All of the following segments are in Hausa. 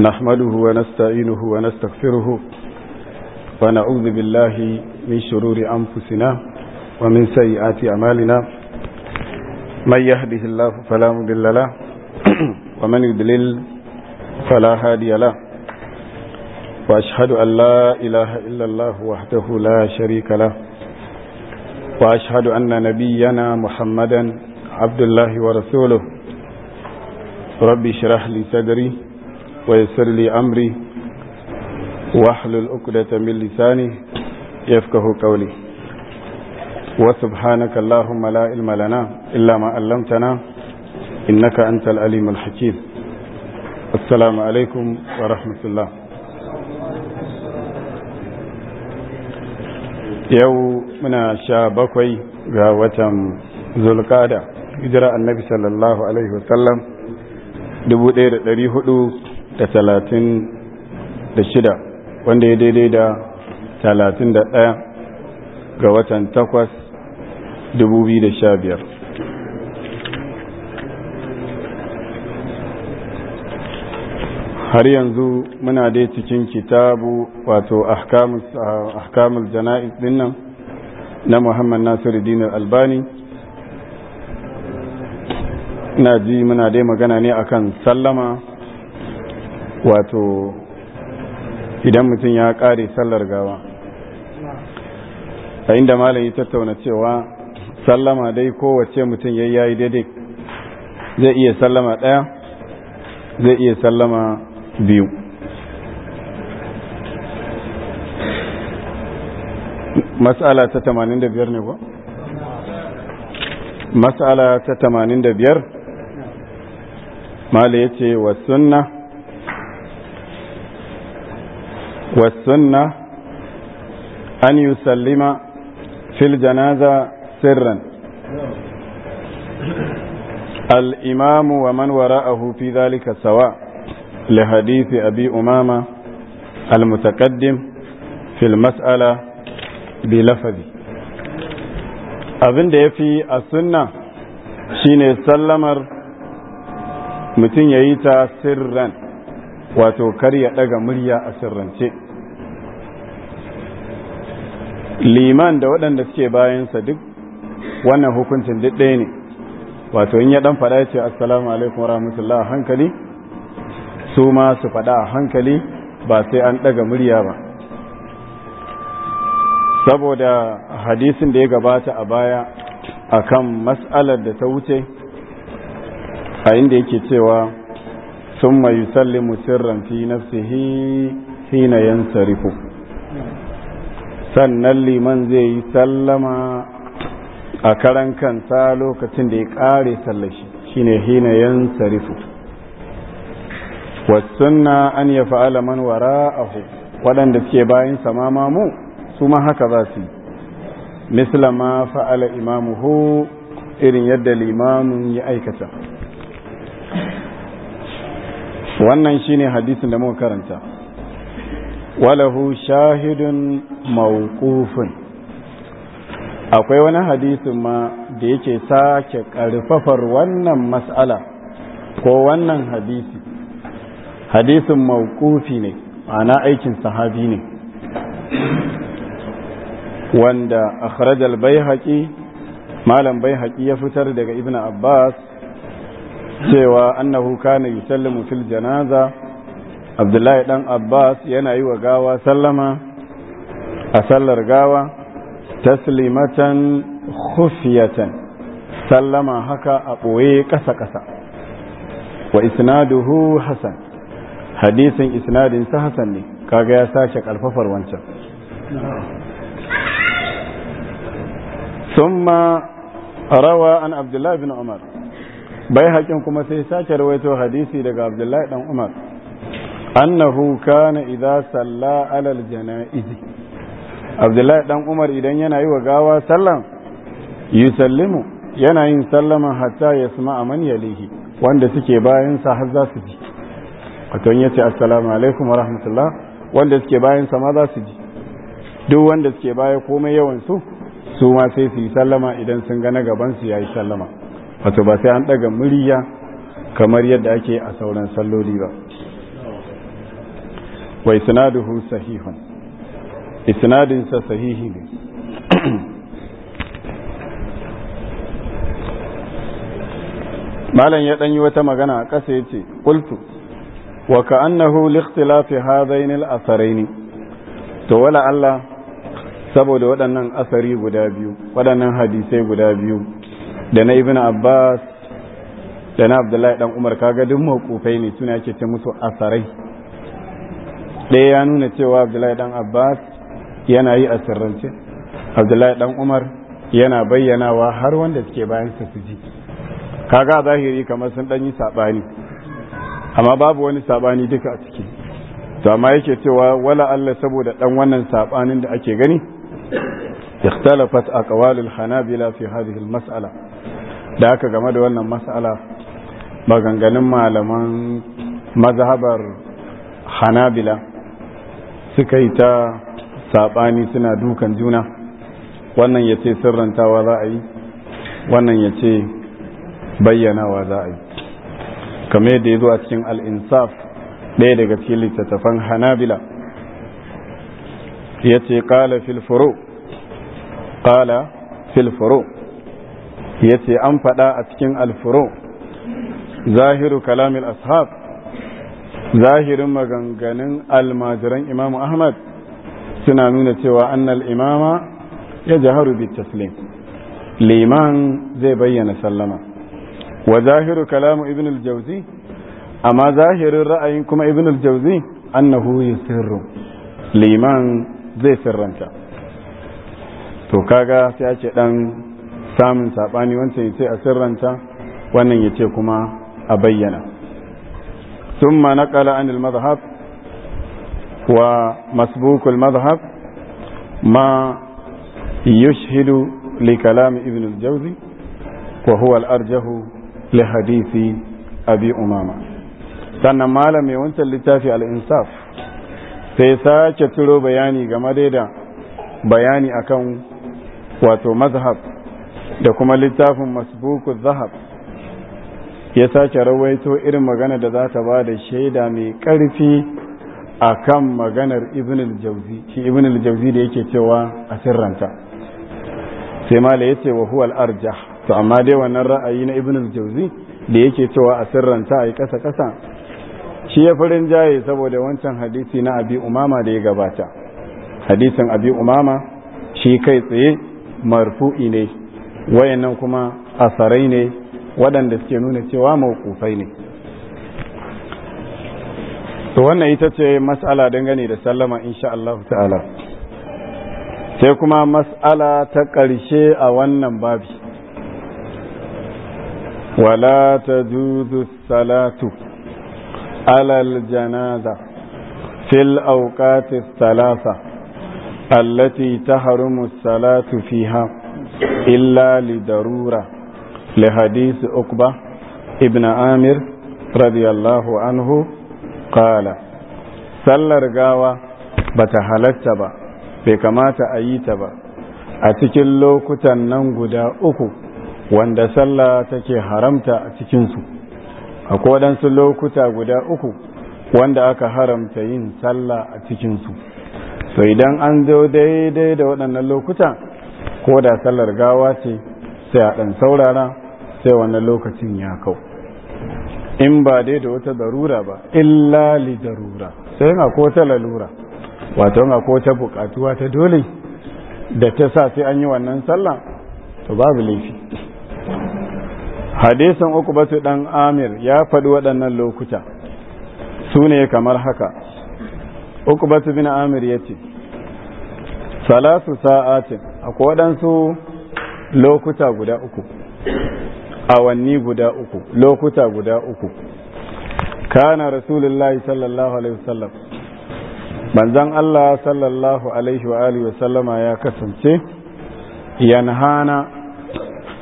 نحمده ونستعينه ونستغفره ونعوذ بالله من شرور أنفسنا ومن سيئات أمالنا من يهده الله فلا مضل له ومن يضلل فلا هادي له وأشهد أن لا إله إلا الله وحده لا شريك له وأشهد أن نبينا محمدا عبد الله ورسوله ربي اشرح لي صدري ويسر لي أمري واحلل عقدة من لساني يفقه قولي وسبحانك اللهم لا علم لنا إلا ما علمتنا إنك أنت العليم الحكيم السلام عليكم ورحمة الله yau muna sha bakwai ga watan zulkada hijira annabi sallallahu alaihi wasallam 1400 da talatin da shida wanda ya daidai da talatin da ɗaya ga watan takwas dubu biyu da sha biyar har yanzu muna dai cikin kitabu wato ahkamul jana'iz dinnan na muhammad nasiru dinar albani na ji muna dai magana ne akan sallama wato idan mutum ya ƙare sallar gawa a inda malam ya tattauna cewa sallama dai kowace mutum ya yayi daidai zai iya sallama ɗaya zai iya sallama biyu matsala ta tamanin da biyar ne ba? matsala ta tamanin biyar? mala ya ce wa sunna والسنة أن يسلم في الجنازة سرا الإمام ومن وراءه في ذلك سواء لحديث أبي أمامة المتقدم في المسألة بلفظ abin da ya fi a sunna shine sallamar mutum ya yi ta sirran wato kar ya ɗaga murya a sirrance liman da waɗanda suke bayansa duk wannan hukuncin duk ɗaya ne wato in ya ɗan faɗa ya ce assalamu alaikum rahmatullah a hankali su ma su faɗa a hankali ba sai an ɗaga murya ba saboda hadisin da ya gabata a baya a kan mas'alar da ta wuce a inda yake cewa sun mai sallin sirran fi nafsihi hina yansarifu sannan liman zai yi sallama a karan kansa lokacin da ya ƙare sallashi shine hina sarifu wasunna an ya fa'ala man hu waɗanda suke bayan sama mamu su ma haka za su yi Mislama ma fa'ala hu irin yadda limamin ya aikata wannan shine hadisin da muka karanta walahu shahidun موقوف akwai wani hadisin ma da yake sake karfafar wannan mas'ala ko wannan hadisi hadisin mawqufi ne ana aikin sahabi ne wanda akhraj al malam baihaqi ya fitar daga ibnu abbas cewa annahu kana yusallimu fil janaza abdullahi dan abbas yana yi wa gawa sallama a sallar gawa taslimatan khufiyatan sallama haka a ɓoye ƙasa-ƙasa wa isnaduhu hasan hadisin isnadinsa hasan ne kaga ya sake ƙarfafar wancan Summa rawa an عبد الله umar bai haƙin kuma sai sake rawaito hadisi daga abdullahi dan umar annahu kana idza salla alal janaiz abdullahi dan umar idan yana yi wa gawa sallan yusallimu yana yin sallama hatta yasma man yalihi wanda suke bayan sa har za su ji wato yace assalamu alaikum wa rahmatullah wanda suke bayan sa ma za su ji duk wanda suke baya komai yawan su su ma sai su yi sallama idan sun ga na gaban su yayi sallama wato ba sai an daga murya kamar yadda ake a sauran salloli ba wa isnaduhu sahihun isnadin sa sahihi ne malam ya dan yi wata magana a ƙasa yace qultu wa ka'annahu li ikhtilafi hadaini al-atharaini to wala Allah saboda waɗannan asari guda biyu waɗannan hadisai guda biyu da na ibn abbas da na abdullahi dan umar kaga duk mawqufai ne suna yake ce musu asarai ɗaya ya nuna cewa abdullahi dan abbas yana yi a sirrance abdullahi dan umar yana bayyanawa har wanda suke bayan sa su ji kaga zahiri kamar sun dan yi sabani amma babu wani saɓani duka a ciki to amma yake cewa wala Allah saboda ɗan wannan sabanin da ake gani ikhtalafat aqwalul hanabila fi hadhihi mas'ala da aka game da wannan mas'ala maganganun malaman mazhabar hanabila suka yi ta saɓani suna dukan juna wannan ya ce sirrantawa za a yi wannan ya ce bayyanawa za a yi kame da ya zuwa cikin al'insaf ɗaya daga cikin littattafan hanabila ya ce ƙala filforo ƙala filforo ya ce an faɗa a cikin alforo zahiru kalamin ashab zahirin maganganun almajiran imamu ahmad suna nuna cewa annal imama ya jaharu bi taslim liman zai bayyana sallama wa zahiru kalamu ibn al-jawzi amma zahirin ra'ayin kuma ibn al-jawzi annahu yusirru liman zai sirranta to kaga sai ake dan samun sabani wancan yace a sirranta wannan yace kuma a bayyana ثم نقل عن المذهب ma المذهب ما يشهد لكلام ابن الجوزي وهو الأرجه لحديث أبي أمامة sannan malam mai wancan littafi al'insaf sai sake turo bayani game da bayani akan wato mazhab da kuma littafin masbuku zahab ya sake rawaito irin magana da za ta ba da shaida mai ƙarfi a kan maganar ibn al-jauzi shi ibn da yake cewa a sirranta sai mala ya ce wa huwa al to amma dai wannan ra'ayi na ibn jauzi da yake cewa a sirranta a yi ƙasa ƙasa shi ya farin jaye saboda wancan hadisi na abi umama da ya gabata hadisin abi umama shi kai tsaye marfu'i ne wayannan kuma asarai ne waɗanda suke nuna cewa mawukufai ne to wannan ita ce mas'ala dangane da sallama insha Allah ta'ala sai kuma mas'ala ta ƙarshe a wannan babi wala ta juzu salatu alal janaza fil awqati ta التي Salatu fiha illa li darura. لحديث عقبة ابن عامر رضي الله عنه sallar gawa bata halarta ba bai kamata a yi ta ba a cikin lokutan nan guda uku wanda sallah take haramta a cikinsu a kodansu lokuta guda uku wanda aka haramta yin sallah a cikinsu so idan an zo daidai da waɗannan lokuta ko da sallar gawa ce sai a ɗan saurara sai wannan lokacin ya kau in ba dai da wata darura ba illa li darura sai ga ko ta lalura wato ga ko ta bukatuwa ta dole da ta sa sai an yi wannan sallah to babu laifi hadisin ukubatu dan amir ya faɗi waɗannan lokuta su ne kamar haka ukubatu bin amir ya ce salasu sa'atin akwai waɗansu lokuta guda uku awanni guda uku lokuta guda uku kana rasulullahi sallallahu alaihi wasallam manzon Allah sallallahu alaihi wa alihi wasallama ya kasance yanhana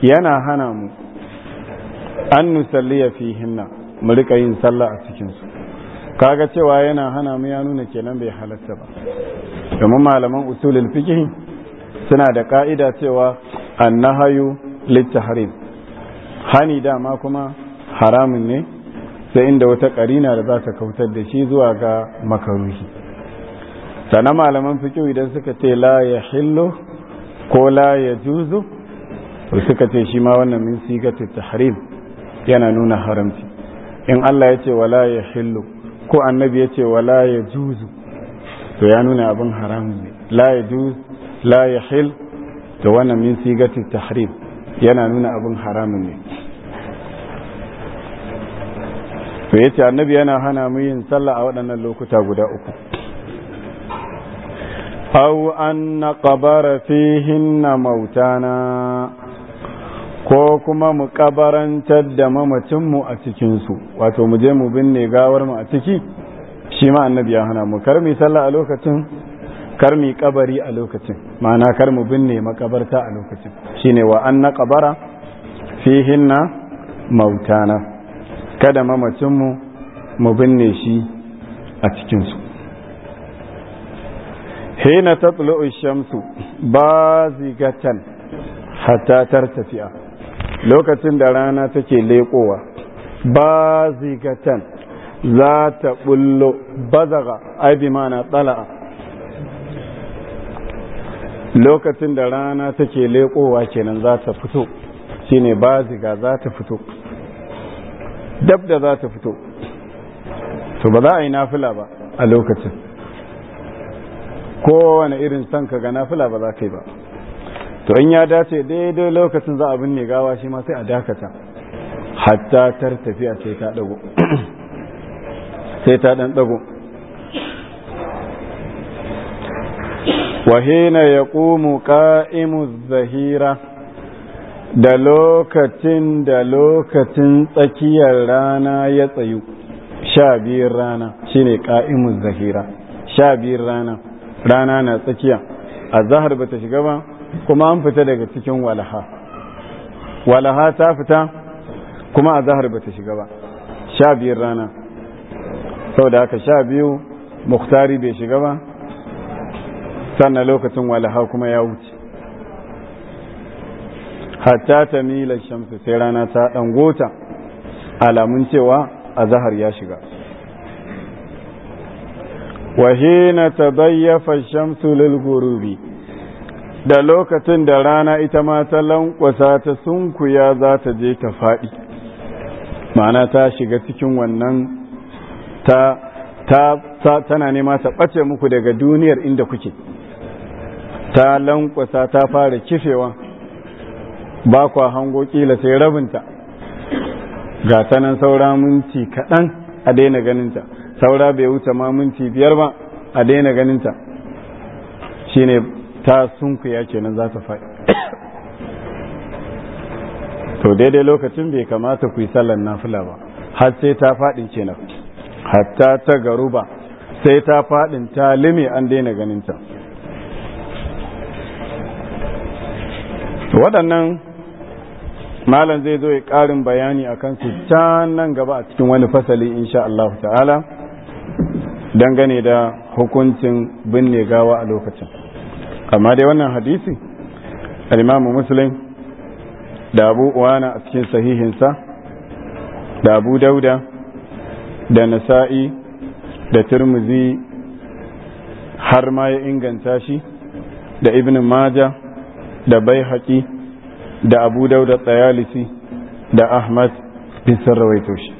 yana hana mu an nusalliya fihinna mu rika yin sallah a cikin su kaga cewa yana hana mu ya nuna kenan bai halatta ba domin malaman usulul fiqh suna da ka'ida cewa annahayu litahrim hani dama kuma haramun ne sai inda wata karina da za ta kautar da shi zuwa ga makaruhi sannan malaman fikiyo idan suka ce la ya hillo ko la ya juzu to suka ce shi ma wannan min ta tahrim yana nuna haramci in Allah ya ce wala ya hillo ko annabi ya ce wala ya juzu to ya nuna abin haramun ne la ya juzu la ya hil to wannan min ta tahrim yana nuna abin haramun ne to yace annabi yana hana mu yin sallah a waɗannan lokuta guda uku aw an naqbara na mautana ko kuma mu kabarantar da mamacinmu a cikinsu wato mu je mu binne gawar mu a ciki shi ma annabi ya hana mu kar mu yi sallah a lokacin kar mu kabari a lokacin ma'ana kar mu binne makabarta a lokacin shine wa an na kabara fihinna mautana kada mamacinmu mu binne shi a cikinsu hina ta shamsu ba zigatan hatta tafiya lokacin da rana take leƙowa ba zigatan za ta bullo bazaga ai bi mana tsala'a lokacin da rana take leƙowa kenan za ta fito shine ziga za ta fito dab da za ta fito to ba za a yi nafila ba a lokacin kowane irin son ka ga nafila ba za ka yi ba to in ya dace daidai lokacin za a binne gawa shi ma sai a dakata hatta tar tafiya sai ta dago sai ta dan dago وحين يقوم ƙa'imu zahira da lokacin da lokacin tsakiyar rana ya tsayu sha biyar rana shine ka'imun zahira sha biyar rana rana na tsakiya a zahar bata shiga ba kuma an fita daga cikin walaha walaha ta fita kuma a zahar bata shiga ba sha biyar rana sau da haka sha biyu muktari bai shiga ba sannan lokacin walaha kuma ya wuce hatta ta mila shamsu sai rana ta ɗangota alamun cewa a zahar ya shiga wahina ta bayyafa shamsu lil da lokacin da rana ita ma ta lankwasa ta sunkuya za ta je ta faɗi ma'ana ta shiga cikin wannan ta tana nema ta ɓace muku daga duniyar inda kuke ta lankwasa ta fara kifewa ba kwa hango kila sai rabinta ga ta saura minti kaɗan a daina ganinta saura bai wuce ma minti biyar ba a daina ganinta shine ta sunkuya kenan za ta faɗi to daidai lokacin bai kamata ku yi sallan nafila ba har sai ta faɗin kenan hatta ta garuba sai ta faɗin ta lime an daina ganinta waɗannan malam zai zo ya ƙarin bayani a kansu can nan gaba a cikin wani fasali in sha Allah ta'ala dangane da hukuncin binne gawa a lokacin amma dai wannan hadisi alimamu musulun, muslim da abu uwana a cikin sahihinsa da abu dauda da nasa'i da turmuzi har ma ya inganta shi da ibn maja da bai da abu dauda tsayalisi da ahmad bin sarrawaito shi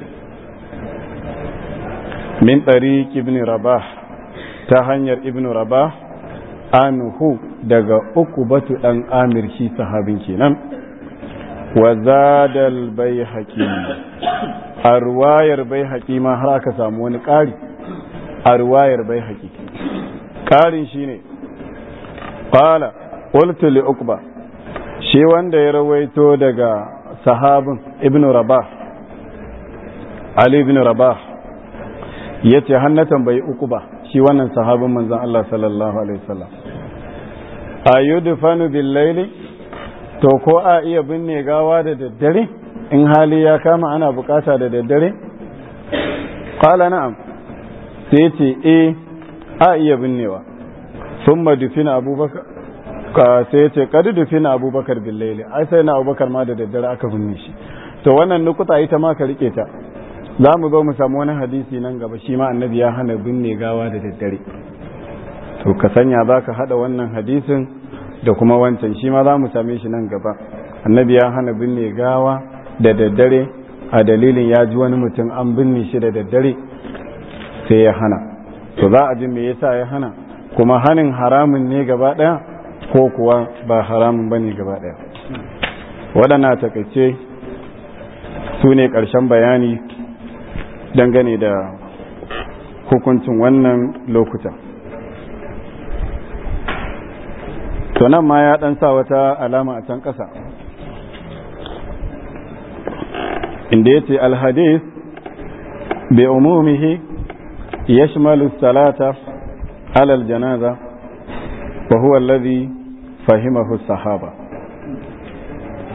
min ɗari ibn rabah ta hanyar ibn rabah anuhu daga uku batu ɗan amir shi sahabin kenan wa zadal bai a ruwayar bai haƙi ma har aka samu wani ƙari a ruwayar bai haƙi ƙarin shi ne ƙala qultu li uqba shi wanda ya rawaito daga sahabin ibn rabah ali ibn rabah yace hannatan bai shi wannan sahabin manzon Allah sallallahu alaihi wasallam ayudfanu bil layli to ko a iya binne gawa da daddare in hali ya kama ana bukata da daddare qala na'am sai ce eh a iya binnewa sun madufin abubakar ka sai ce kadu dufi na abubakar billaili ai sai na abubakar ma da daddare aka binne shi to wannan nukuta ita ma ka rike ta za mu zo mu samu wani hadisi nan gaba shi ma annabi ya hana binne gawa da daddare to ka sanya za ka haɗa wannan hadisin da kuma wancan shi ma za mu same shi nan gaba annabi ya hana binne gawa da daddare a dalilin ya ji wani mutum an binne shi da daddare sai ya hana to za a ji me yasa ya hana kuma hanin haramun ne gaba ɗaya ko kuwa ba haramun ba ne gaba ɗaya ta takaice su ne ƙarshen bayani dangane da hukuncin wannan lokuta nan ma ya ɗan sa wata alama a can ƙasa inda ya ce alhadis bai umumihi ya shimalu salata alal janaza wa huwa فهمه الصحابة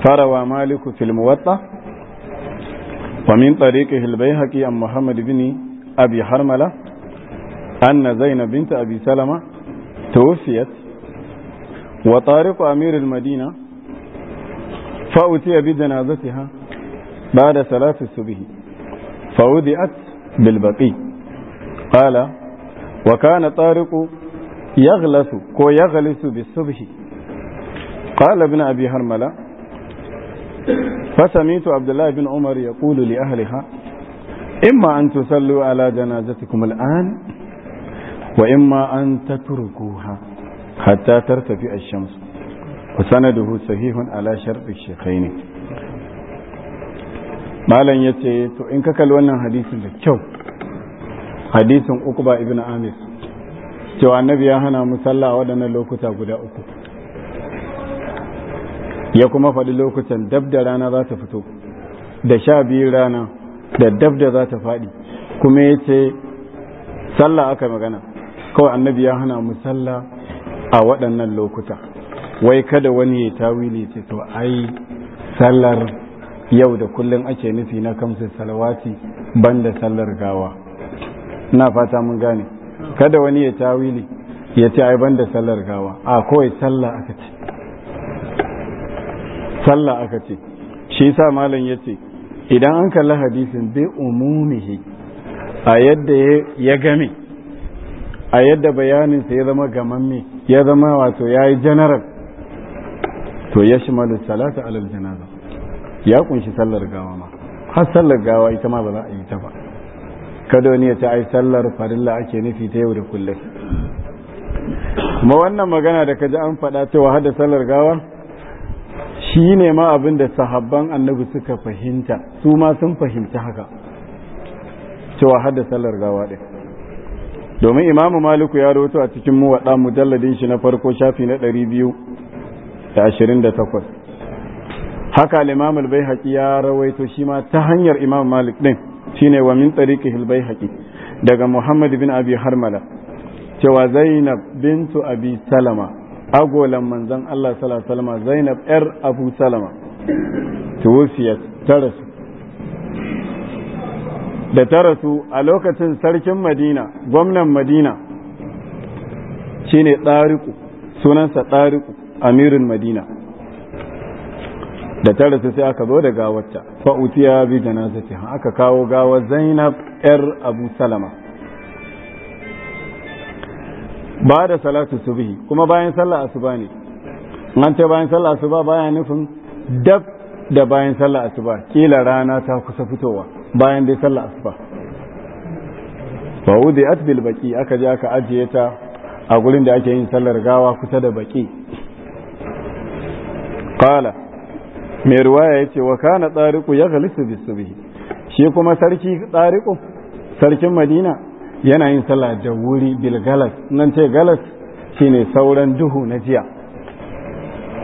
فروى مالك في الموطة ومن طريقه البيهقي عن محمد بن أبي حرملة أن زينب بنت أبي سلمة توفيت وطارق أمير المدينة فأتي بجنازتها بعد صلاة الصبح فوضعت بالبقي قال وكان طارق يغلس كو يغلس بالصبح قال ابن أبي هرملة فسميت عبد الله بن عمر يقول لأهلها إما أن تصلوا على جنازتكم الآن وإما أن تتركوها حتى ترتفع الشمس وسنده صحيح على شرط الشيخين malam ya ce to in ka kalli wannan hadisin da kyau hadisin uku ba ibn amir cewa annabi ya hana mu sallah waɗannan lokuta guda uku ya kuma faɗi lokutan dab da rana za ta fito da sha biyu rana da dab da za ta faɗi kuma ya ce sallah aka magana kawai annabi ya hana mu sallah a waɗannan lokuta wai kada wani ya tawili ce to ai sallar yau da kullum ake nufi na kamsa salawati banda sallar gawa na fata mun gane kada wani ya tawili ya ce ai banda sallar gawa a kawai sallah aka ce sallah aka ce shi sa malam ya ce idan an kalli hadisin bi umumihi a yadda ya game a yadda bayaninsa ya zama gamamme ya zama wato ya yi general to ya shi malu salata alal janaza ya kunshi sallar gawa ma har sallar gawa ita ma ba za a yi ta ba kada wani ya ta ai sallar farilla ake nufi ta yau da kullum kuma wannan magana da kaji an faɗa cewa hada sallar gawa shi ne ma abin da sahabban annabi suka fahimta su ma sun fahimci haka cewa hada sallar gawa ɗin domin imamu maliku ya rawato a cikin muwaɗa mujalladin shi na farko shafi na ɗari biyu da ashirin da takwas haka ya rawaito shi ma ta hanyar imam malik ɗin shine wa min tsariki albayhaƙi daga muhammad bin abi harmala cewa zainab bintu abi salama agolan manzon Allah sallallahu alaihi wasallam Zainab yar Abu Salama tuwfiyat tarasu da tarasu a lokacin sarkin Madina gwamnan Madina shine Tariku sunansa Tariku amirin Madina da tarasu sai aka zo da gawarta fa utiya bi janazati aka kawo gawar Zainab yar Abu Salama ba da salatu subhi kuma bayan sallah asuba ne an ce bayan sallah asuba baya nufin dab da bayan sallah asuba kila rana ta kusa fitowa bayan dai sallah asuba fa udi atbil baki aka je aka ajiye ta a gurin da ake yin sallar gawa kusa da baki qala mai ruwaya yace wa kana tsariku ya ghalisu shi kuma sarki tsariku sarkin madina yana yin sallah da wuri bil galas nan ce galas shine sauran duhu na jiya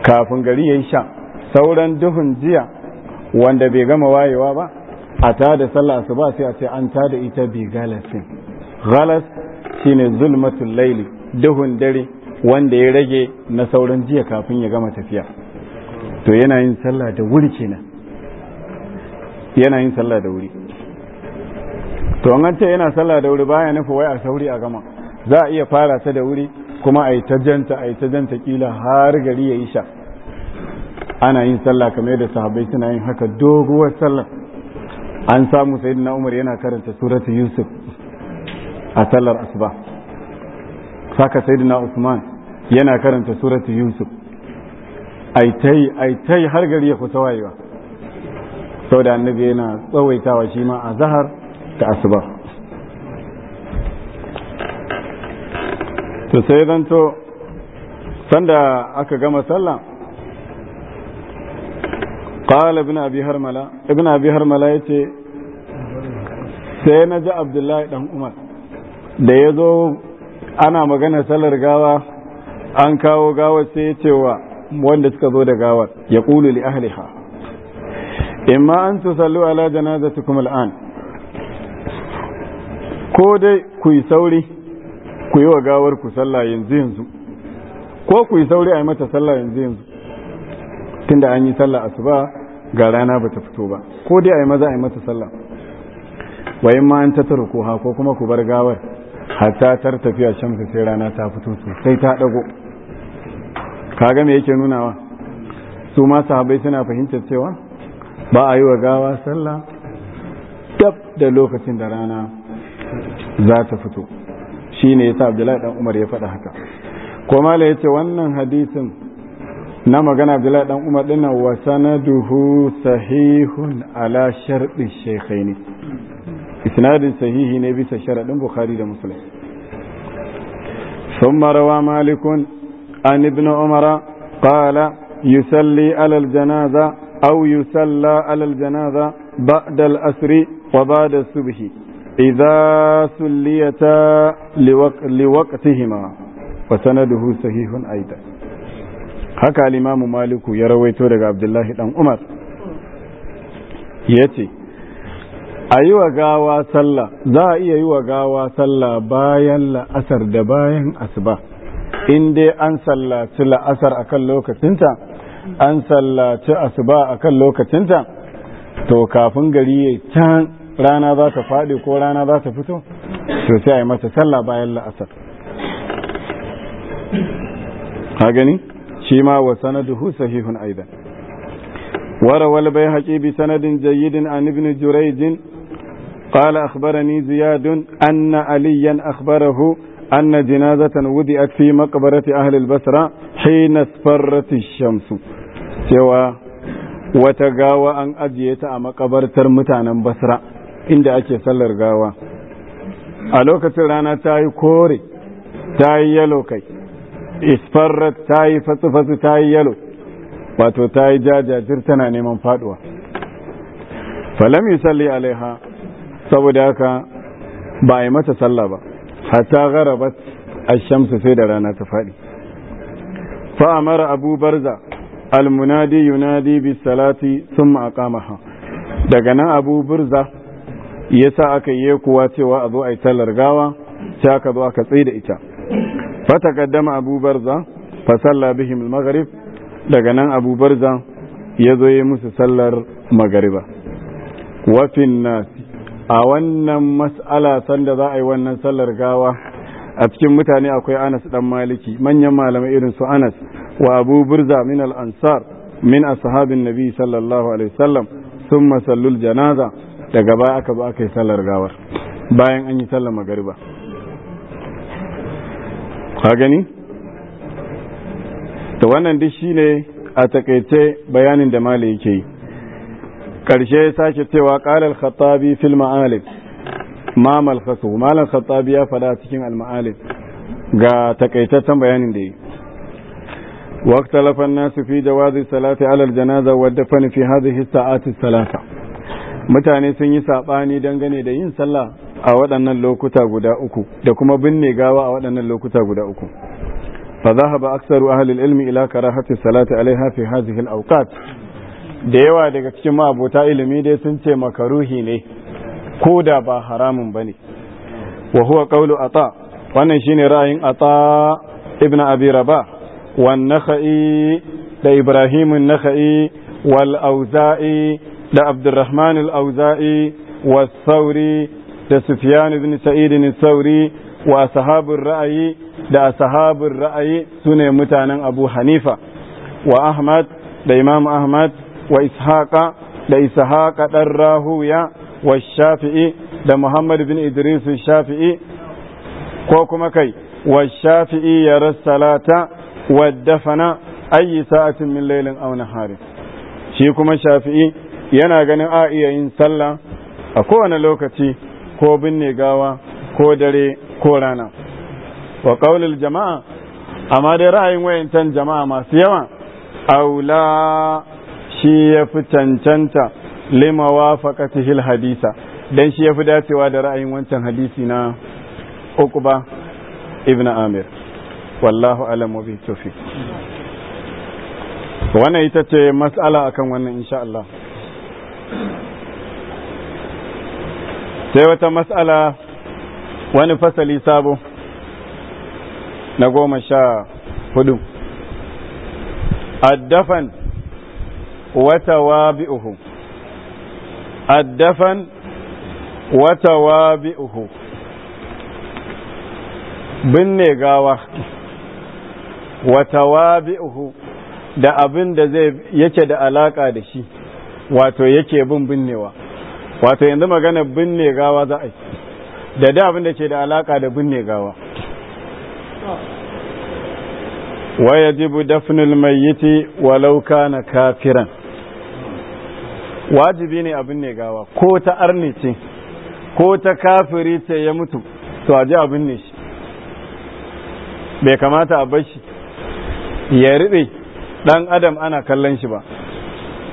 kafin gari ya yi sha sauran duhun jiya wanda bai gama wayewa ba a ta da sallah su ba sai a ce an ta da ita bi galasin galas shine zulmatul laili duhun dare wanda ya rage na sauran jiya kafin ya gama tafiya to yana yin sallah da wuri kenan yana yin sallah da wuri to an ce yana sallah da wuri baya nufi wai a sauri a gama za a iya fara ta da wuri kuma a yi ta janta a yi ta janta kila har gari ya isha. ana yin sallah kamar yadda sahabbai suna yin haka doguwar sallah an samu sayyidina umar yana karanta suratul yusuf a sallar asuba saka sayyidina usman yana karanta suratul yusuf aitai aitai har gari ya kusa wayewa saboda annabi yana tsawaitawa shi ma a zahar ta asuba to sai zanto sanda aka gama sallah قال ابن ابي هرمله ابن ابي ya yace sai na ji abdullahi dan umar da ya zo ana magana sallar gawa an kawo gawar sai ya ce wa wanda suka zo da gawar ya ƙulu li ahliha imma an tusallu ala janazatukum al'an ko dai ku yi sauri ku yi wa gawar ku sallah yanzu yanzu ko ku yi sauri a yi mata sallah yanzu yanzu tunda an yi sallah asuba ga rana bata fito ba ko dai a yi maza a yi mata sallah wa in ma an ta tarko ha ko kuma ku bar gawar hatta tar tafiya shamsu sai rana ta fito sai ta dago kaga me yake nunawa su ma sahabbai suna fahimtar cewa ba a yi wa gawa sallah dab da lokacin da rana za ta fito shi ne ya sa abdullahi dan umar ya faɗa haka ko mala ya ce wannan hadisin na magana abdullahi dan umar ɗin nan wa sanaduhu sahihun ala sharɗin shekai ne isnadin sahihi ne bisa sharaɗin bukhari da muslim ثم malikun مالك عن ابن عمر قال يسلي على الجنازة أو ala على الجنازة بعد wa bada subhi إذا سليتا لوق... لوقتهما فسنده صحيح أيضا haka limamu maliku ya rawaito daga abdullahi dan umar ya ce a yiwa gawa sallah za a iya yi wa gawa sallah bayan la'asar da bayan asuba in dai an sallaci la'asar akan kan lokacinta an sallaci asuba akan kan lokacinta to kafin gari ya can rana za ta fadi ko rana za ta fito Sosai sai ai masa sallah bayan la'asar ka gani shi ma wa sanaduhu sahihun aidan wa rawal bayhaqi bi sanadin jayyidin an ibn jurayj qala akhbarani ziyad an aliyan akhbarahu anna jina wudi'at fi maqbarati ahli al-basra hina sfarat ash-shams cewa wata gawa an ajiye ta a makabartar mutanen basra inda ake sallar gawa a lokacin rana ta yi kore ta yi yalo kai isfarrat ta yi fasu-fasu, ta yi yalo wato ta yi jajajir tana neman faduwa falam yi salli alaiha saboda haka ba a yi mata sallah ba hatta garabat shamsu sai da rana ta faɗi fa'amara abu barza almunadi yunadi bis salati sun ma'aƙamaha daga nan abu burza yasa aka yi kuwa cewa a zo a yi sallar gawa sai aka zo aka tsaye da ita fata kaddama abu barza fa salla bihim maghrib daga nan abu barza ya zo yi musu sallar magariba wafin nasi a wannan mas'ala sanda za a yi wannan sallar gawa a cikin mutane akwai anas dan maliki manyan malamai irin su anas wa abu burza min al-ansar min ashabin nabi sallallahu alaihi wasallam thumma sallul janaza daga baya aka ba aka yi sallar gawar bayan an yi sallar magariba ka gani to wannan duk shine a takaice bayanin da mali yake yi karshe sake cewa qalal khattabi fil ma'alib ma mal khasu khattabi ya fada cikin al maalif ga takaitaccen bayanin da yi لفن الناس في جواز الصلاة على الجنازة والدفن في هذه الساعات الثلاثة mutane sun yi saɓani dangane da yin sallah a waɗannan lokuta guda uku da kuma binne gawa a waɗannan lokuta guda uku Ba أكثر أهل العلم إلى كراهة الصلاة عليها في هذه الأوقات da yawa daga cikin ma'abota ilimi dai sun ce makaruhi ne ko da ba haramun ba ne wa ƙaulu qawlu ata wannan shine ra'ayin ata ibn abi raba wan nakhai da ibrahim an-nakhai wal auza'i da Abdurrahman al-Auza'i wa Sauri da Sufyan ibn Sa'id al-Sauri wa ashabur ra'ayi da ashabur ra'ayi sune mutanen Abu Hanifa wa Ahmad da Imam Ahmad wa Ishaqa da Ishaqa dan Rahuya wa Shafi'i da Muhammad ibn Idris al-Shafi'i ko kuma kai wa Shafi'i ya rassalata wa dafana ayi sa'atin min laylin aw naharin shi kuma Shafi'i yana ganin a iya yin sallah a kowane lokaci ko binne gawa ko dare ko rana wa qaulul jama'a amma dai ra'ayin wayancan jama'a masu yawa aula shi ya fi cancanta lima wafaqatihil hadisa dan shi ya fi dacewa da ra'ayin wancan hadisi na Uqba ibn Amir wallahu alam bi tawfiq wannan ita ce mas'ala akan wannan insha Allah sai wata matsala wani fasali sabo na goma sha hudu addafan wata uhu. addafan wata uhu. binne gawa wata uhu da abin da zai yake da alaka da shi wato yake bin binnewa wato yanzu magana binne gawa za a yi da da abin da ke da alaka da binne gawa wa yajibu dafnul ti walauka na kafiran wajibi ne abin ne gawa ko ta arni ce ko ta kafiri ce ya mutu to a ji abin ne shi bai kamata a bashi ya riɓe ɗan adam ana kallon shi ba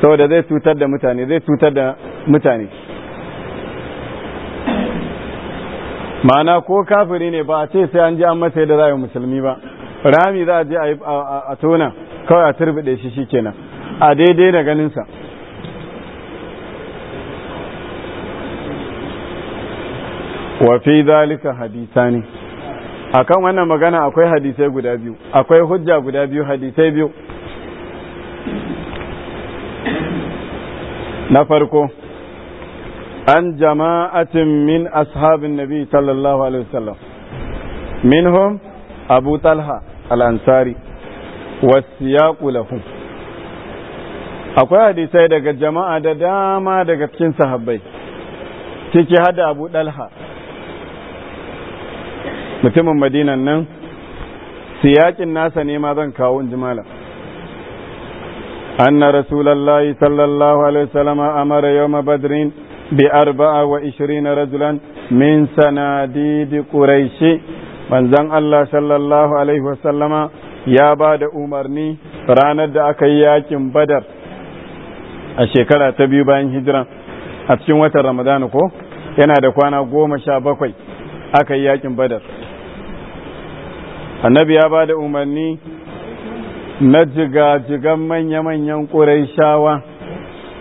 saboda zai cutar da mutane zai cutar da mutane ma'ana ko kafiri ne ba a ce sai an ji an masa da za musulmi ba rami za a je a tona kawai a turbide shi shikenan a daidai da ganinsa wa zalika hadisa ne a kan wannan magana akwai hadisai guda biyu akwai hujja guda biyu hadisai biyu na farko an jama'atin min ashabin nabi sallallahu alaihi wasallam minhum abu talha al-ansari wasiyaqu lahum akwai hadisai daga jama'a da dama daga cikin sahabbai ciki hada abu dalha mutumin madinan nan siyakin nasa ne ma zan kawo in jimala أن رسول الله صلى الله عليه وسلم أمر يوم بدر بأربعة وعشرين رجلا من سناديد قريش manzon Allah sallallahu Alaihi wasallama ya ba da umarni ranar da aka yi yaƙin badar a shekara ta biyu bayan hijiran a cikin watan ramadana ko yana da kwana goma sha bakwai aka yi yaƙin badar annabi ya ba da umarni na jigajigan manya-manyan ƙuraishawa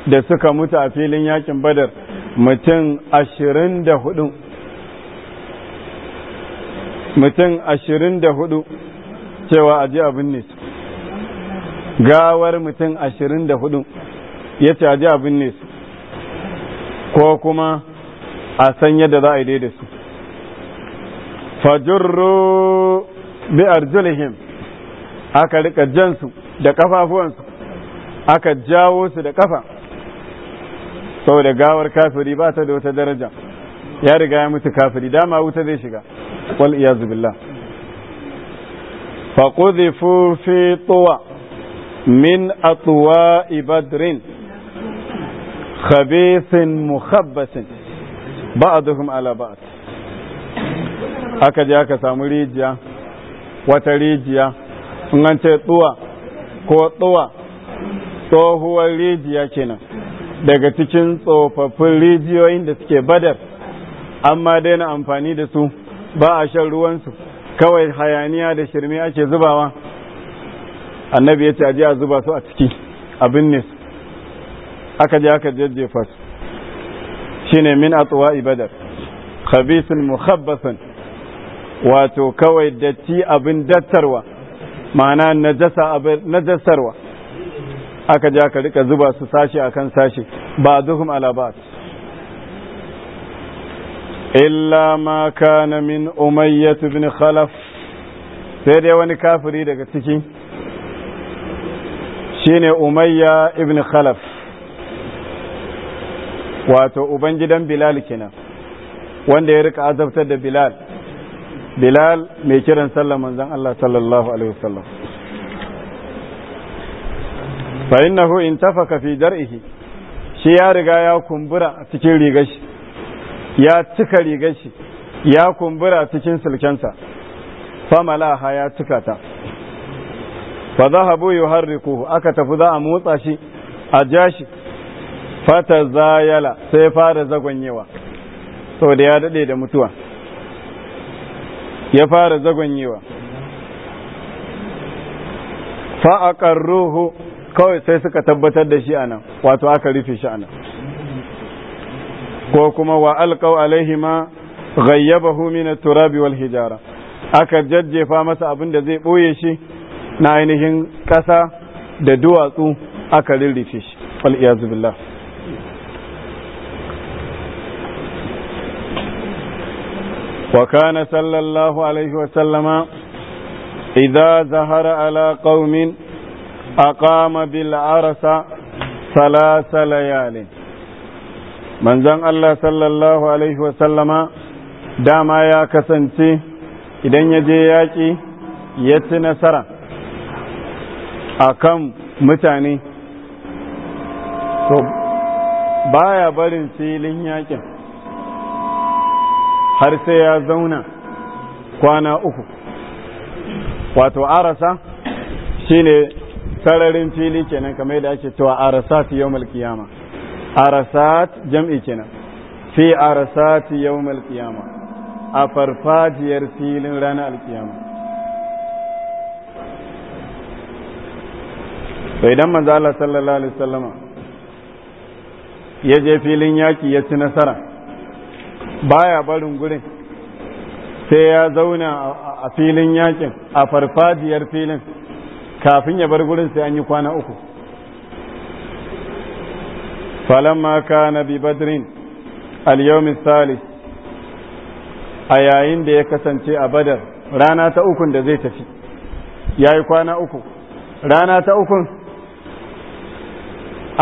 da suka mutu a filin yakin badar mutum ashirin da hudu mutum ashirin da hudu cewa ji abin nesa. gawar mutum ashirin da hudu ya ce a ji abin nesa. ko kuma a san yadda za a yi da su fajirro bi arjulihim aka rika jansu da kafafuwansu aka jawo su da kafa saboda gawar kafiri ba ta da wata daraja ya riga ya mutu kafiri dama wuta zai shiga wal iya zubillah fa fi tuwa min atwa badrin khabithin mukhabbasin ba'duhum ala ba'd aka je aka samu rijiya wata rijiya in an ce tsuwa ko tsuwa tsohuwar rijiya kenan daga cikin tsofaffin rijiyoyin da suke badar amma daina amfani da su ba a shan ruwansu kawai hayaniya da shirme ake zubawa annabi ya ce a zuba su a ciki abin ne aka je aka jajjefa su shine min tsuwa ibadar khabisun mukhabbasan wato kawai datti abin dattarwa ma'ana najasa najasarwa aka ja ka rika zuba su sashi kan sashi ba zuhum alabat illa ma kana min umayyah ibn khalaf sai dai wani kafiri daga ciki shine umayya ibn khalaf wato ubangidan bilal kenan wanda ya rika azabtar da bilal bilal mai kiran sallah manzon Allah sallallahu alaihi wasallam fa innahu intafaka fi dar'ihi shi ya riga ya kumbura a cikin rigar shi ya cika rigar shi ya kumbura cikin silkensa famalaha ya cika ta fa zahabu yuharriku aka tafi za a motsa shi a jashi. shi fata zayala sai fara zagonyewa sau da ya daɗe da mutuwa ya fara zagon zagonyewa fa'aƙar ruhu kawai sai suka tabbatar da shi a nan wato aka rufe shi a nan ko kuma wa alƙau alaihima gayyaba humina turabi wal hijara aka jajjefa masa abin da zai ɓoye shi na ainihin ƙasa da duwatsu aka rirrife shi وكان صلى الله عليه وسلم إذا ظهر على قوم أقام بالعرس ثلاث ليال من زن الله صلى الله عليه وسلم dama يا كسنتي idan ya je yaƙi ya ci nasara a kan mutane to baya barin filin yaƙin har sai ya zauna kwana uku wato arasa shine sararin fili kenan kamar yadda ake cewa arasat yawmal qiyama arasat jam'i kenan fi arasat yawmal qiyama a farfajiyar filin ranar alkiyama to idan manzo Allah sallallahu alaihi wasallama ya je filin yaki ya ci nasara baya barin gurin sai ya zauna a filin yakin a farfajiyar filin kafin ya bar gurin sai an yi kwana uku falamma na bi badrin al salis a yayin da ya kasance a badar rana ta ukun da zai tafi ya yi kwana uku rana ta ukun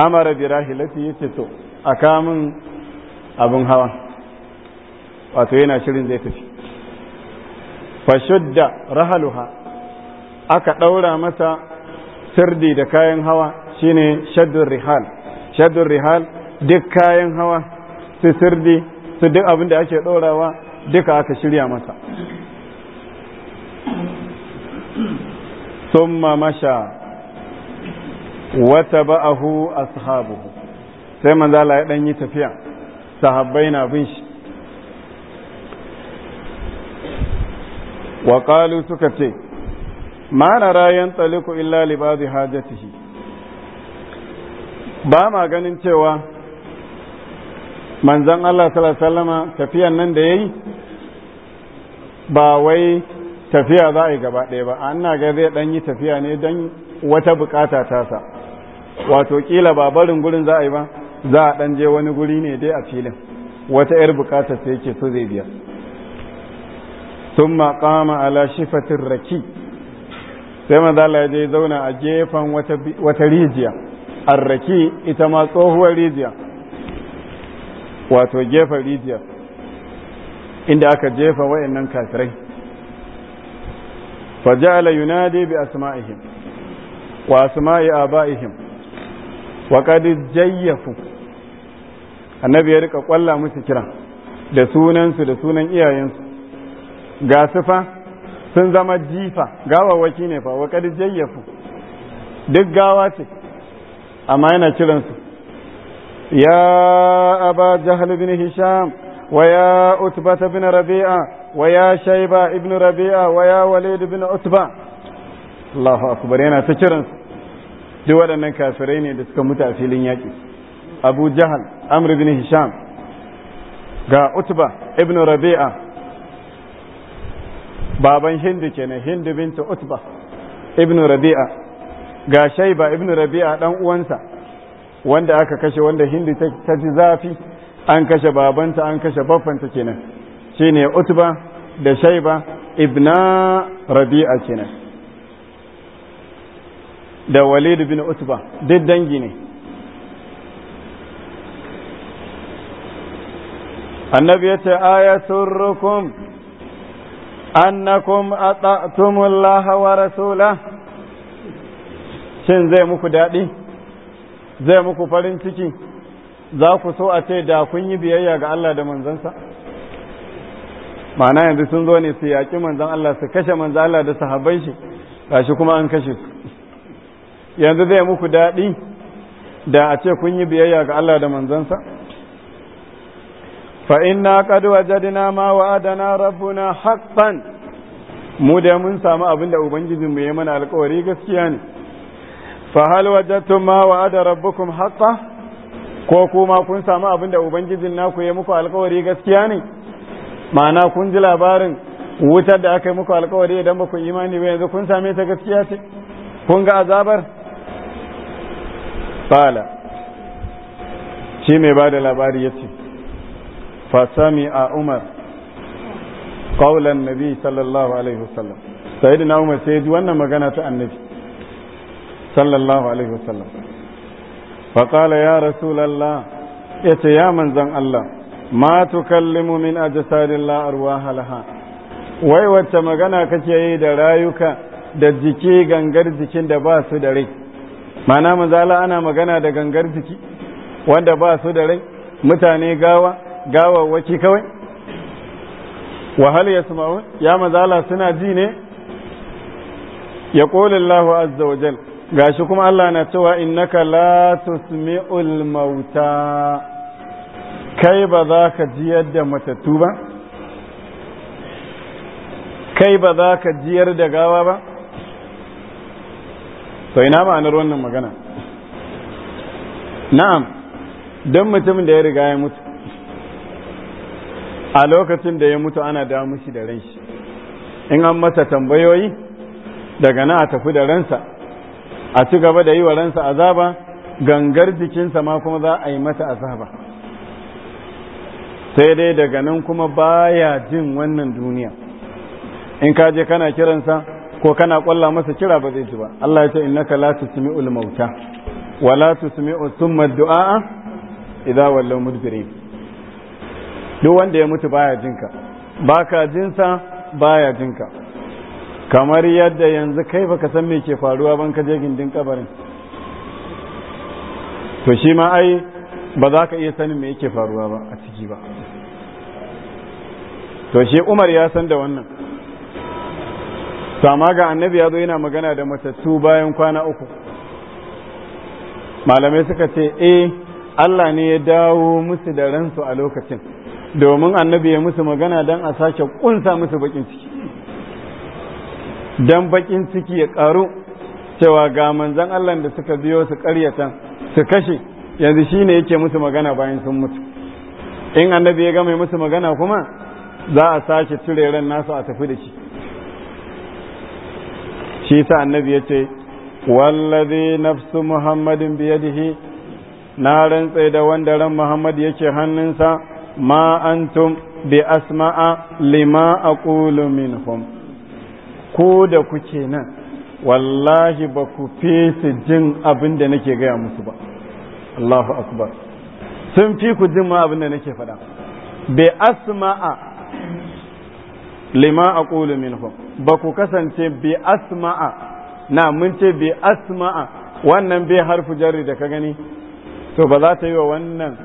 amara bi rahilati ce to a kamun abin hawa wato yana shirin zai tafi fashudda rahaluha aka ɗaura masa sirdi da kayan hawa shine shaddun rihal shaddun rihal duk kayan hawa su sirdi su duk abin da ake ɗorawa duka aka shirya masa summa masha wata ba'ahu ashabuhu sai manzala ya ɗan yi tafiya sahabbai na bin shi wa qalu suka ce ma rayan yantaliku illa li ba'dhi hajatihi ba ma ganin cewa manzon Allah sallallahu alaihi wasallama tafiyan nan da yayi ba wai tafiya za a yi gaba ɗaya ba na ga zai ɗan yi tafiya ne don wata bukata tasa wato kila ba barin gurin za a yi ba za a ɗan je wani guri ne dai a filin wata 'yar bukatar sai yake so zai biya thumma qama ala shifatir raki sai maza Allah zauna a jefan wata wata rijiya arraki ita ma tsohuwar rijiya wato gefen rijiyar inda aka jefa wayannan kafirai faja'ala yunadi bi asma'ihim wa asma'i aba'ihim wa qad jayyafu annabi ya rika kwalla musu kira da sunansu da sunan iyayensu ga su sun zama jifa gawawaki ne fa wa kadi jayyafu duk gawa ce amma yana kiransu ya aba jahal bin hisham wa ya utba bin rabi'a wa ya shayba ibn rabi'a wa ya walid bin utba Allahu akbar yana ta kiransu duk waɗannan kafirai ne da suka mutu a filin yaki. abu jahal amr bin hisham ga utba ibn rabi'a baban hindu kenan hindu bintu utba ibn rabi'a ga shaiba ibn rabi'a dan uwansa wanda aka kashe wanda hindu ta ji zafi an kashe babanta an kashe baffanta kenan shine utba da shaiba ibna rabi'a kenan da walid bin utba duk dangi ne annabi ya ce ayatul rukum annakum ata'tumullaha wa rasulahu shin zai muku daɗi zai muku farin ciki za ku so a ce da kun yi biyayya ga Allah da manzansa ma'ana yanzu sun zo ne su yaki manzan Allah su kashe manzan Allah da sahabbai shi gashi kuma an kashe su yanzu zai muku daɗi da a ce kun yi biyayya ga Allah da manzansa فإنا قد وجدنا ما وعدنا ربنا حقا mu da mun samu abin da ubangijin mu ya mana alkawari gaskiya ne fa hal wajadtum ma ko kuma kun samu abin da ubangijin naku ya muku alkawari gaskiya ne ma'ana kun ji labarin wutar da aka yi muku alkawari idan ba ku imani ba yanzu kun same ta gaskiya ce kun ga azabar qala shi mai ba da labari yace فسمع عمر قول النبي صلى الله عليه وسلم سيدنا عمر سيدي وانا مغانا النبي صلى الله عليه وسلم فقال يا رسول الله يتي يا من زن الله ما تكلم من أجساد الله أرواح لها wai wacce magana kake yi da rayuka da jiki gangar jikin da ba su da rai mana manzala ana magana da gangar jiki wanda ba su da rai mutane gawa waki kawai wahal ya suma'un ya mazala suna ji ne ya ƙolillahu azza wa jal gashi kuma Allah na cewa innaka la tusmi'ul mauta kai ba za ka jiyar da matattu ba kai ba za ka jiyar da gawa ba to ina ma'anar wannan magana na'am don mutumin da ya riga ya mutu a lokacin da ya mutu ana da mushi da ran shi in an masa tambayoyi daga na a tafi da ransa a ci gaba da yi wa ransa azaba gangar jikinsa ma kuma za a yi mata azaba sai dai daga nan kuma baya jin wannan duniya in ka je kana kiransa ko kana kwalla masa kira ba zai ji ba Allah ya ce innaka la tusmi'ul mauta wa la tusmi'u summa du'a idza wallaw mudbirin duk wanda ya mutu baya jinka baka jinsa baya jinka kamar yadda yanzu kai baka san me ke faruwa ban ka je gindin kabarin to shi ma ai ba za ka iya sanin me yake faruwa ba a ciki ba to shi Umar ya san da wannan sama ga annabi ya zo yana magana da matattu bayan kwana uku malamai suka ce eh Allah ne ya dawo musu da ransu a lokacin domin annabi ya musu magana don a sake kunsa musu bakin ciki don bakin ciki ya karu cewa ga manzan Allah da suka biyo su karyata su kashe yanzu shi ne yake musu magana bayan sun mutu in annabi ya gama musu magana kuma za a sake cire ran nasu a tafi da shi shi sa annabi ya ce wallazi nafsu muhammadin biyadihi na rantsai da wanda ran muhammad yake hannunsa ma antum bi asma'a lima aqulu minhum ko da kuke nan wallahi ba ku fesa jin abin da nake gaya musu ba Allahu akbar sun fi ku jin ma abin da nake faɗa bi asma'a lima aqulu minhum ba ku kasance bi asma'a na mun ce bi asma'a wannan bi harfu jarri da ka gani to ba za ta yi wa wannan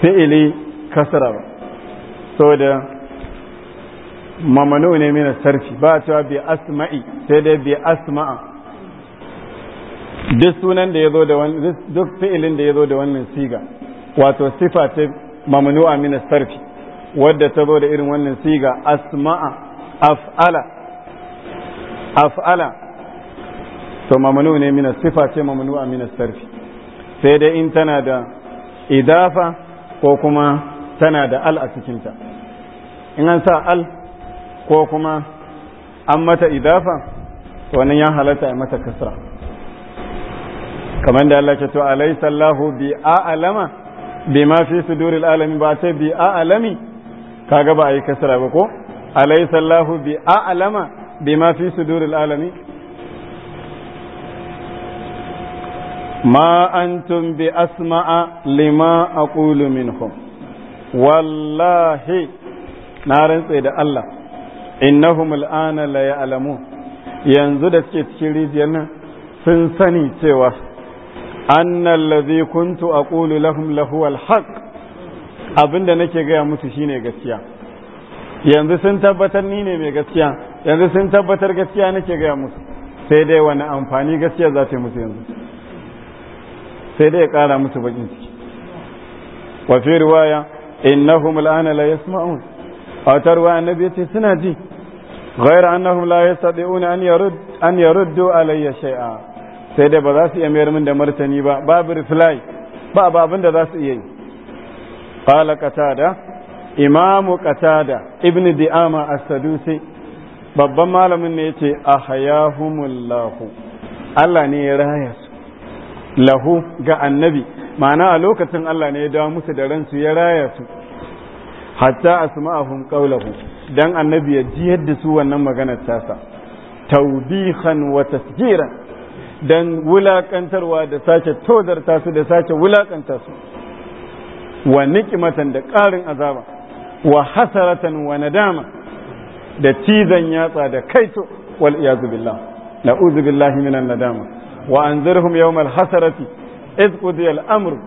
fi'ili kasara ba saboda mamano ne mina sarfi ba cewa bi asma'i sai dai bi asma'a duk sunan da ya zo da wani duk fi'ilin da ya zo da wannan siga wato sifa ta a min sarfi wadda ta zo da irin wannan siga asma'a af'ala af'ala to mamnu ne mina sifa ce a min sarfi sai dai in tana da idafa ko kuma tana da al a cikinta in an sa al ko kuma an mata idafa to wannan ya halatta a mata kasra kamar da Allah ce to alaysa Allahu bi a'lama bima fi suduril alamin ba ce bi a'lami kaga ba a yi kasra ba ko alaysa Allahu bi a'lama bima fi suduril alamin ما أنتم بأسمع لما أقول منهم wallahi na rantse da Allah innahum al'ana la ya'lamu yanzu da suke cikin rijiyar nan sun sani cewa annal ladhi kuntu aqulu lahum lahu al-haq abinda nake gaya musu shine gaskiya yanzu sun tabbatar ni ne mai gaskiya yanzu sun tabbatar gaskiya nake gaya musu sai dai wani amfani gaskiya za ta yi musu yanzu sai dai ya kara musu bakin ciki wa fi riwaya innahum al'ana la yasma'un a tarwa annabi yace suna ji غير أنهم لا يستطيعون أن يرد an يردوا علي شيئا sai dai ba za su iya mayar min da martani ba babu reply ba babin da za su iya yi qala qatada imamu qatada ibn di'ama as-sadusi babban malamin ne yace ahyahumullahu Allah ne ya raya su lahu ga annabi ma'ana a lokacin Allah ne ya dawo musu da ransu ya raya su hatta asma'ahum qawlahu dan annabi ya ji yadda su wannan maganar tasa tawbihan wa tasjiran dan wulakantarwa da sace tozarta su da sace wulakanta su wa nikmatan da ƙarin azaba wa hasaratan wa nadama da cizon yatsa da kaito wal iyazu billah na'udzu billahi minan nadama wa anzirhum yawmal hasarati إذ قضي الأمر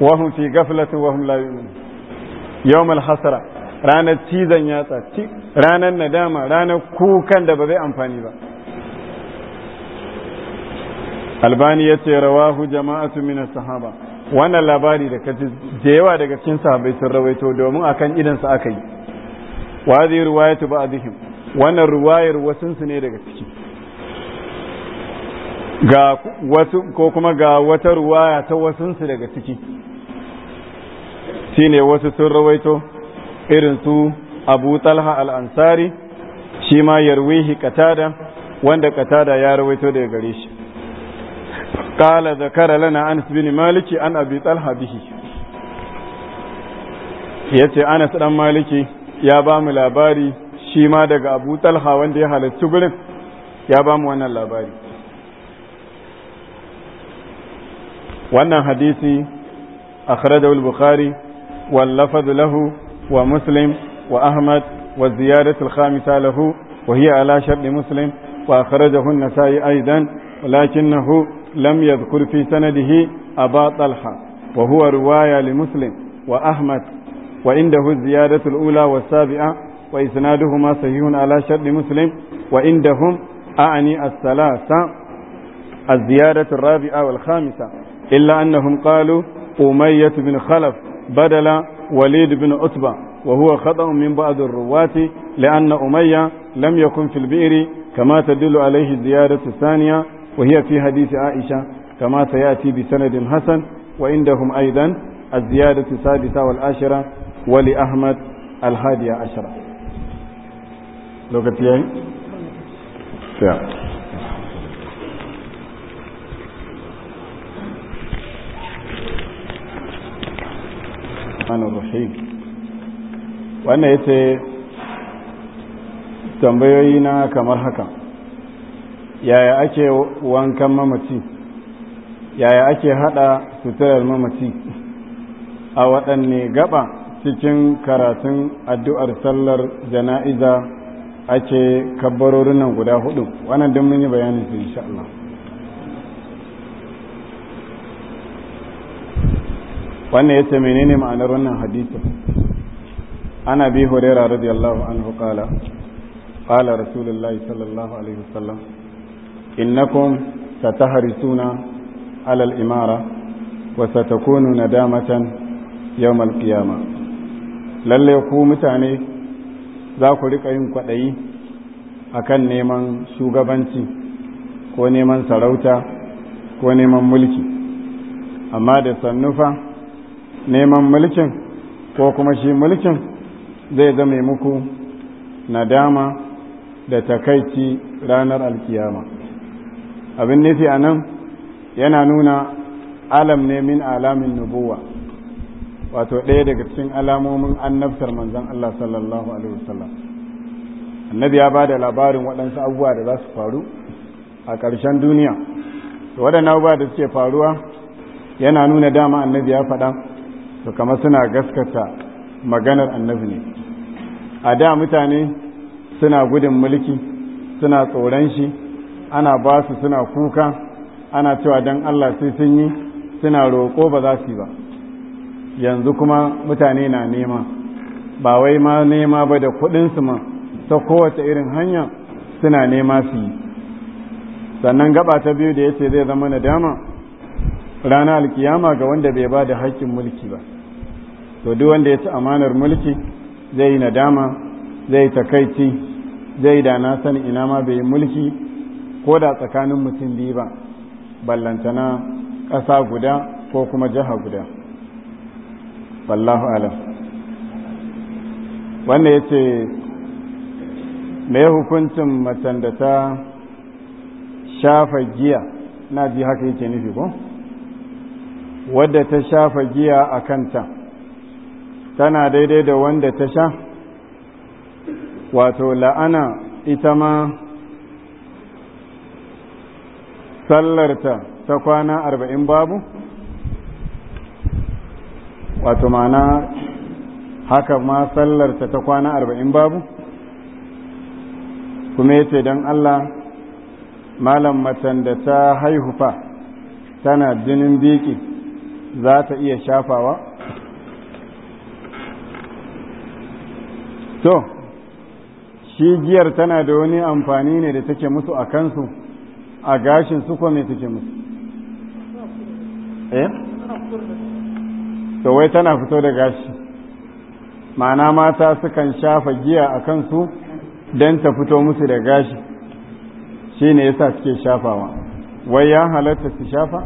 وهم في ranar cizon yatsa ci ranar nadama ranar kukan da ba zai amfani ba albani ya ce rawahu jama'atu min sahaba wannan labari da kaji da yawa daga cikin sahabbai sun rawaito domin akan idan su aka yi wa zai ruwayatu ba wannan ruwayar wasunsu ne daga ciki ga wasu ko kuma ga wata ruwaya ta wasunsu daga ciki shine wasu sun rawaito irin su abu talha al'ansari shi ma yarwihi katada wanda katada ya rawaito daga gare shi Ƙala قال ذكر لنا أنس بن مالك عن أبي bihi. Ya ce Anas ɗan Maliki ya ba mu labari shi ma daga Abu Talha wanda ya halarci gurin ya ba mu wannan labari wannan hadisi akhrajahu al-bukhari wal lafaz lahu wa muslim wa ahmad wa ziyadatu al-khamisa lahu wa hiya ala shart muslim wa akhrajahu an-nasa'i aidan ولكنه لم يذكر في سنده أبا طلحة وهو رواية لمسلم وأحمد وعنده الزيادة الأولى والسابعة وإسنادهما صحيح على شرط مسلم وعندهم أعني الثلاثة الزيادة الرابعة والخامسة إلا أنهم قالوا أمية بن خلف بدل وليد بن عتبة وهو خطأ من بعض الرواة لأن أمية لم يكن في البئر كما تدل عليه الزيادة الثانية وهي في حديث عائشة كما سيأتي بسند حسن وعندهم أيضا الزيادة السادسة والعاشرة ولأحمد الحادية عشرة لو كتير rahmanir rahim wannan yace tambayoyi na kamar haka yaya ke wankan mamaci yaya ake hada suturar mamaci a waɗanne gaba cikin karatun addu'ar sallar jana'iza ake kabbarorin nan guda hudu wannan duk mun yi bayanin su insha wannan yace menene ma'anar wannan hadisi ana bi hurairah radiyallahu anhu qala qala rasulullahi sallallahu alaihi wasallam innakum satahrisuna ala al-imara wa satakunu nadamatan yawm al-qiyamah lalle ku mutane za ku rika yin kwadayi akan neman shugabanci ko neman sarauta ko neman mulki amma da sannufa neman mulkin ko kuma shi mulkin zai zama muku nadama da takaici ranar alkiyama abin nufi a nan yana nuna alam ne min alamin nubuwa wato ɗaya daga cikin alamomin annabtar manzan Allah sallallahu alaihi wasallam annabi ya ba da labarin waɗansu abubuwa da za su faru a ƙarshen duniya waɗannan abubuwa da suke faruwa yana nuna dama annabi ya faɗa su kamar suna gaskata maganar annabi ne a da mutane suna gudun mulki suna tsoron shi ana ba su suna kuka ana cewa don Allah sai sun yi suna roƙo ba za su yi ba yanzu kuma mutane na nema ba wai ma nema ba da kuɗinsu ma ta kowace irin hanya suna nema su yi sannan gaba ta biyu da ya ce zai zama nadama rana alkiyama ga wanda bai ba da haƙƙin mulki ba to duk wanda ya ci amanar mulki zai yi nadama zai takaici zai da na san ina ma bai yi mulki ko da tsakanin mutum biyu ba ballantana ƙasa guda ko kuma jiha guda wallahu alam wanda ya ce mai hukuncin macen da ta shafa giya na ji haka yake nufi ko wadda ta shafa giya a kanta tana daidai da wanda ta sha wato la'ana ita ma sallarta ta kwana arba'in babu wato mana haka ma sallarta ta kwana arba'in babu kuma yace don Allah malam matan da ta haihufa tana jinin biki za ta iya shafawa to shi giyar tana da wani amfani ne da take musu a kansu a gashin su ko me take musu eh to wai tana fito da gashi ma'ana mata sukan shafa giya a kansu don ta fito musu da gashi shi ne yasa suke shafawa wai ya halatta su shafa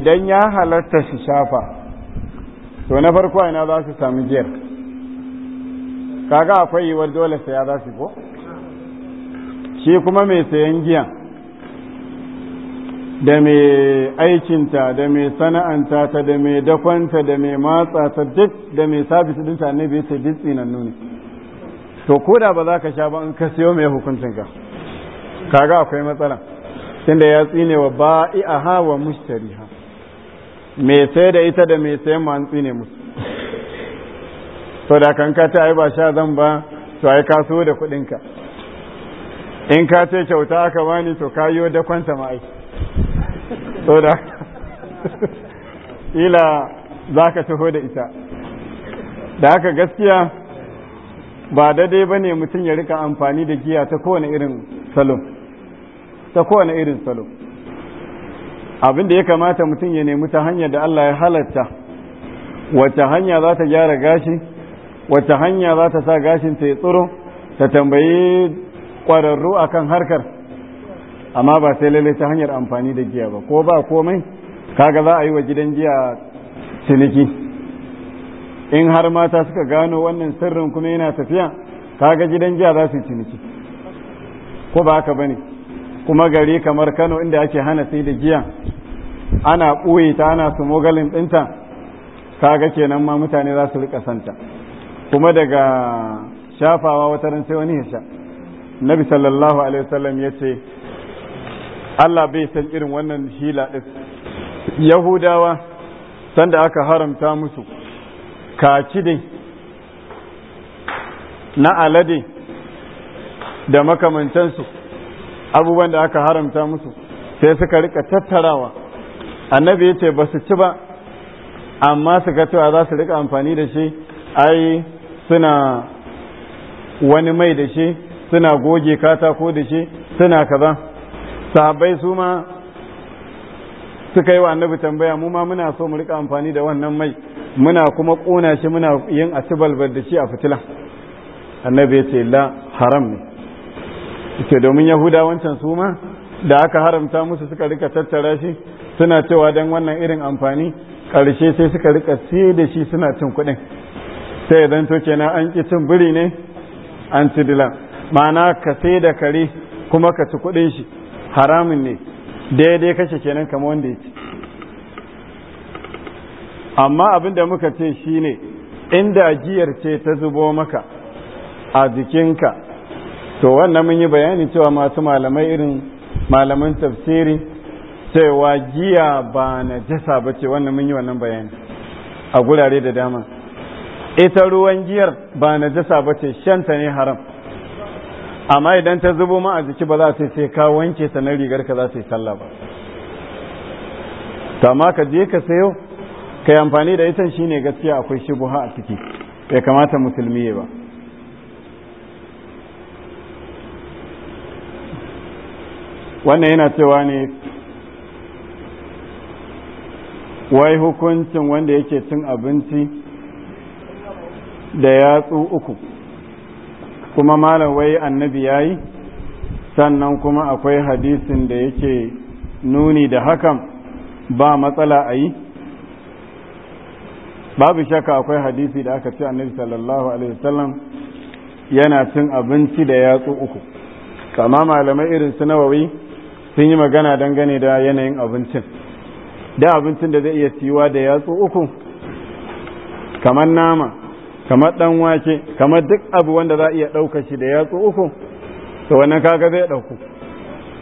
idan ya halatta su shafa to na farko ina za su sami giyar kaga akwai yiwuwar dole saya za su ko shi kuma mai sayan giya da mai aikinta da mai sana'anta ta da mai dakwanta da mai matsa ta duk da mai sabis ta ne bai sai duk tsinan nuni to ko da ba za ka sha ba in ka siyo mai hukuncin ka? kaga akwai matsala tunda ya tsine wa ba'i'aha wa mushtariha mai sai da ita da mai sayan ma an tsine musu to da kan ka ai ba sha zan ba to ai ka so da kuɗinka in ka ce kyauta aka bani to ka yi da kwanta ma'ai to da ila za taho da ita da haka gaskiya ba daidai ba ne mutum ya rika amfani da giya ta kowane irin salo ta kowane irin salo abin da ya kamata mutum ya nemi ta hanyar da Allah ya halatta wacce hanya za ta gyara gashi wacce hanya za ta sa gashin ta ya tsoro ta tambayi a kan harkar amma ba sai lalle ta hanyar amfani da giya ba ko ba komai kaga za a yi wa gidan giya ciniki in har mata suka gano wannan sirrin kuma yana tafiya kaga gidan giya za su ciniki ko ba haka bane kuma gari kamar Kano inda ake hana sai da giya ana ɓoye ta ana su mogalin ɗinta kaga kenan ma mutane za su rika santa kuma daga shafawa wata ran sai wani hisha nabi sallallahu alaihi wasallam ya ce Allah bai san irin wannan hila ɗin yahudawa sanda aka haramta musu dai na alade da makamantansu abubuwan da aka haramta musu sai suka rika tattarawa annabi ya ce ba su ci ba amma su ga cewa za su rika amfani da shi ai suna wani mai da shi suna goge katako da shi suna kaza Sahabai su ma suka yi wa annabi tambaya mu ma muna so mu rika amfani da wannan mai muna kuma kona shi muna yin atibalbar da shi a fitila annabi ya ce la haram ne ke domin yahuda wancan su ma da aka haramta musu suka rika tattara shi suna cewa don wannan irin amfani ƙarshe sai suka rika sai da shi suna cin kuɗin sai ya to kenan an ki cin biri ne an ci dila ma'ana ka sai da kare kuma ka ci kuɗin shi haramun ne daidai kashe kenan kamar wanda ya ci amma abin da muka ce shine inda giyar ce ta zubo maka a jikinka to wannan mun yi bayani cewa masu malamai irin malaman tafsiri cewa giya ba na jasa ba ce wannan mun yi wannan bayani a gurare da dama ita ruwan giyar ba najasa ba ce shanta ne haram amma idan ta zubo ma a jiki ba za su sai ka wanke ta na rigar ka za su yi sallah ba to amma ka je ka sayo ka yi amfani da ita shine gaskiya akwai shubuha a ciki bai kamata musulmi ba wannan yana cewa ne wai hukuncin wanda yake cin abinci da yatsu uku kuma malam wai annabi ya yi sannan kuma akwai hadisin da yake nuni da hakan ba matsala a yi babu shakka akwai hadisi da aka ce annabi sallallahu alaihi wasallam yana cin abinci da yatsu uku kama malamai irin su nawawi sun yi magana dangane da yanayin abincin da abincin da zai iya siwa da yatsu uku kamar nama kamar dan wake kamar duk abu wanda za a iya ɗauka shi da yatsu uku to wannan kaga zai ɗauku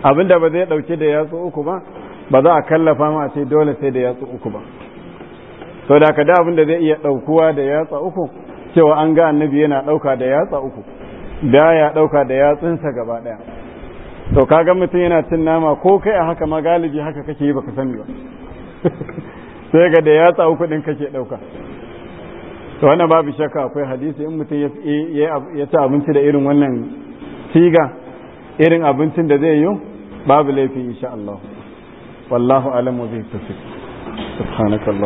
abin da ba zai ɗauki da yatsu uku ba ba za a kallafa ma a ce dole sai da yatsu uku ba to da ka da abin da zai iya ɗaukuwa da yatsa uku cewa an ga annabi yana ɗauka da yatsa uku da ya ɗauka da yatsunsa gaba ɗaya to kaga mutum yana cin nama ko kai a haka ma galibi haka kake yi baka sani ba sai ga da yatsa uku ɗin kake ɗauka to wannan babu shakka akwai hadisi in mutum ya ci abinci da irin wannan siga irin abincin da zai yi babu laifin insha Allah wallahu alam wa bihi tawfiq